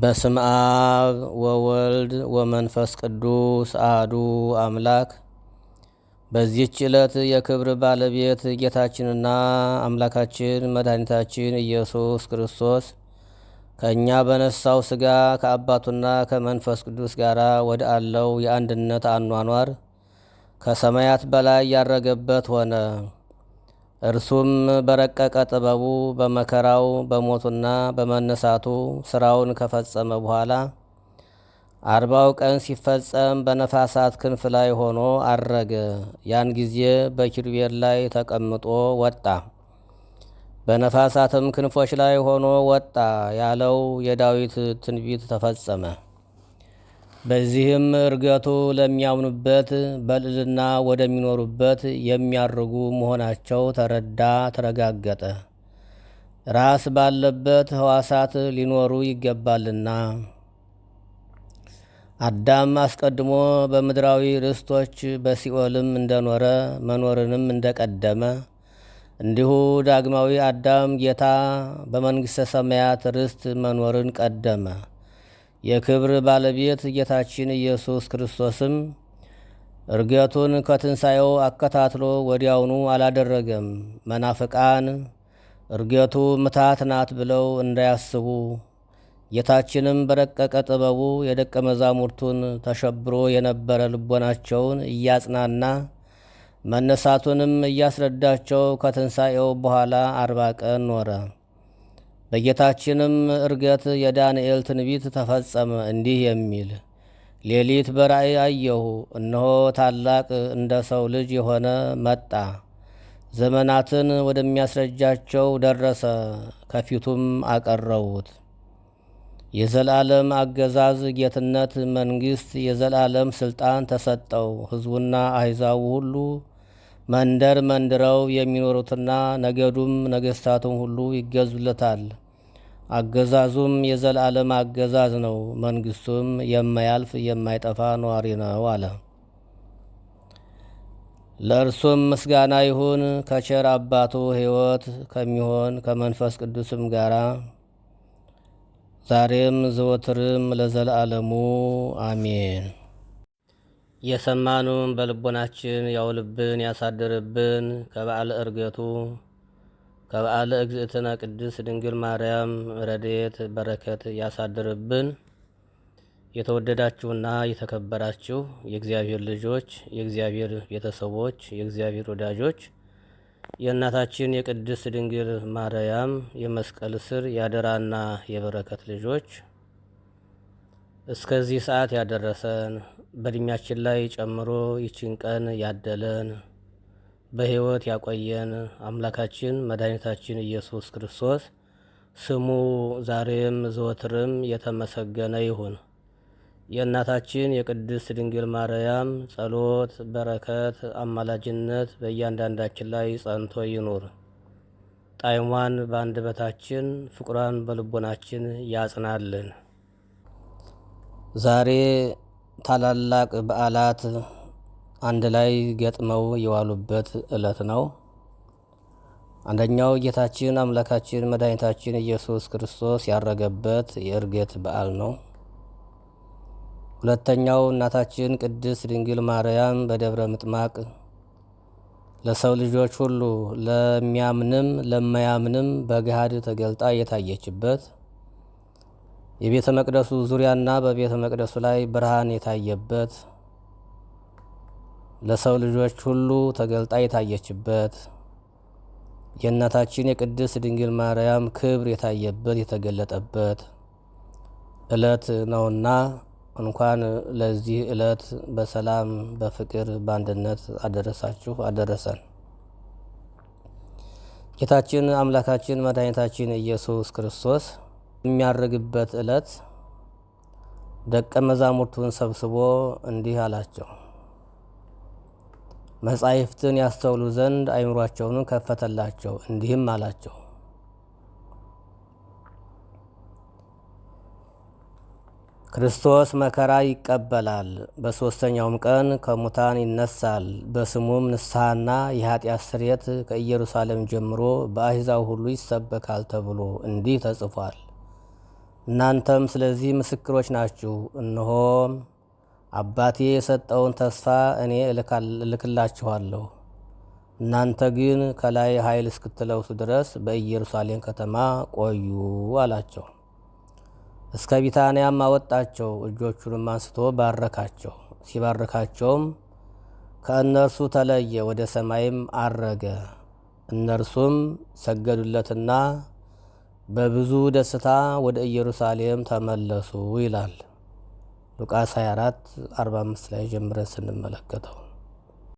በስም አብ ወወልድ ወመንፈስ ቅዱስ አህዱ አምላክ። በዚህች ዕለት የክብር ባለቤት ጌታችንና አምላካችን መድኃኒታችን ኢየሱስ ክርስቶስ ከእኛ በነሳው ሥጋ ከአባቱና ከመንፈስ ቅዱስ ጋር ወደ አለው የአንድነት አኗኗር ከሰማያት በላይ ያረገበት ሆነ። እርሱም በረቀቀ ጥበቡ በመከራው በሞቱና በመነሳቱ ስራውን ከፈጸመ በኋላ አርባው ቀን ሲፈጸም በነፋሳት ክንፍ ላይ ሆኖ አረገ። ያን ጊዜ በኪሩቤል ላይ ተቀምጦ ወጣ፣ በነፋሳትም ክንፎች ላይ ሆኖ ወጣ ያለው የዳዊት ትንቢት ተፈጸመ። በዚህም እርገቱ ለሚያምኑበት በልዕልና ወደሚኖሩበት የሚያርጉ መሆናቸው ተረዳ፣ ተረጋገጠ። ራስ ባለበት ሕዋሳት ሊኖሩ ይገባልና አዳም አስቀድሞ በምድራዊ ርስቶች በሲኦልም እንደኖረ መኖርንም እንደቀደመ እንዲሁ ዳግማዊ አዳም ጌታ በመንግሥተ ሰማያት ርስት መኖርን ቀደመ። የክብር ባለቤት ጌታችን ኢየሱስ ክርስቶስም እርገቱን ከትንሣኤው አከታትሎ ወዲያውኑ አላደረገም። መናፍቃን እርገቱ ምታት ናት ብለው እንዳያስቡ ጌታችንም በረቀቀ ጥበቡ የደቀ መዛሙርቱን ተሸብሮ የነበረ ልቦናቸውን እያጽናና መነሳቱንም እያስረዳቸው ከትንሣኤው በኋላ አርባ ቀን ኖረ። በጌታችንም እርገት የዳንኤል ትንቢት ተፈጸመ፣ እንዲህ የሚል ሌሊት በራእይ አየሁ፣ እነሆ ታላቅ እንደ ሰው ልጅ የሆነ መጣ፣ ዘመናትን ወደሚያስረጃቸው ደረሰ፣ ከፊቱም አቀረቡት። የዘላለም አገዛዝ፣ ጌትነት፣ መንግሥት፣ የዘላለም ስልጣን ተሰጠው። ሕዝቡና አሕዛቡ ሁሉ መንደር መንድረው የሚኖሩትና ነገዱም ነገሥታቱም ሁሉ ይገዙለታል። አገዛዙም የዘላለም አገዛዝ ነው፣ መንግስቱም የማያልፍ የማይጠፋ ነዋሪ ነው አለ። ለእርሱም ምስጋና ይሁን ከቸር አባቱ ሕይወት ከሚሆን ከመንፈስ ቅዱስም ጋር ዛሬም ዘወትርም ለዘላለሙ አሜን። የሰማኑን በልቦናችን ያውልብን ያሳድርብን። ከበዓለ እርገቱ። ከበዓለ እግዝእትነ ቅድስት ድንግል ማርያም ረድኤት በረከት ያሳድርብን። የተወደዳችሁና የተከበራችሁ የእግዚአብሔር ልጆች፣ የእግዚአብሔር ቤተሰቦች፣ የእግዚአብሔር ወዳጆች የእናታችን የቅድስት ድንግል ማርያም የመስቀል ስር ያደራና የበረከት ልጆች እስከዚህ ሰዓት ያደረሰን በእድሜያችን ላይ ጨምሮ ይችን ቀን ያደለን በህይወት ያቆየን አምላካችን መድኃኒታችን ኢየሱስ ክርስቶስ ስሙ ዛሬም ዘወትርም የተመሰገነ ይሁን። የእናታችን የቅድስት ድንግል ማርያም ጸሎት፣ በረከት፣ አማላጅነት በእያንዳንዳችን ላይ ጸንቶ ይኑር። ጣዕሟን በአንደበታችን ፍቅሯን በልቦናችን ያጽናልን። ዛሬ ታላላቅ በዓላት አንድ ላይ ገጥመው የዋሉበት ዕለት ነው። አንደኛው ጌታችን አምላካችን መድኃኒታችን ኢየሱስ ክርስቶስ ያረገበት የእርገት በዓል ነው። ሁለተኛው እናታችን ቅድስት ድንግል ማርያም በደብረ ምጥማቅ ለሰው ልጆች ሁሉ ለሚያምንም ለማያምንም በገሃድ ተገልጣ የታየችበት የቤተ መቅደሱ ዙሪያና በቤተ መቅደሱ ላይ ብርሃን የታየበት ለሰው ልጆች ሁሉ ተገልጣ የታየችበት የእናታችን የቅድስት ድንግል ማርያም ክብር የታየበት የተገለጠበት ዕለት ነውና እንኳን ለዚህ ዕለት በሰላም በፍቅር በአንድነት አደረሳችሁ አደረሰን። ጌታችን አምላካችን መድኃኒታችን ኢየሱስ ክርስቶስ የሚያርግበት ዕለት ደቀ መዛሙርቱን ሰብስቦ እንዲህ አላቸው መጻሕፍትን ያስተውሉ ዘንድ አይምሯቸውን ከፈተላቸው፣ እንዲህም አላቸው ክርስቶስ መከራ ይቀበላል፣ በሦስተኛውም ቀን ከሙታን ይነሳል፣ በስሙም ንስሐና የኀጢአት ስርየት ከኢየሩሳሌም ጀምሮ በአሕዛብ ሁሉ ይሰበካል ተብሎ እንዲህ ተጽፏል። እናንተም ስለዚህ ምስክሮች ናችሁ። እነሆም አባቴ የሰጠውን ተስፋ እኔ እልክላችኋለሁ። እናንተ ግን ከላይ ኃይል እስክትለውሱ ድረስ በኢየሩሳሌም ከተማ ቆዩ አላቸው። እስከ ቢታንያም አወጣቸው፣ እጆቹንም አንስቶ ባረካቸው። ሲባርካቸውም ከእነርሱ ተለየ፣ ወደ ሰማይም አረገ። እነርሱም ሰገዱለትና በብዙ ደስታ ወደ ኢየሩሳሌም ተመለሱ ይላል። ሉቃስ 24 45 ላይ ጀምረን ስንመለከተው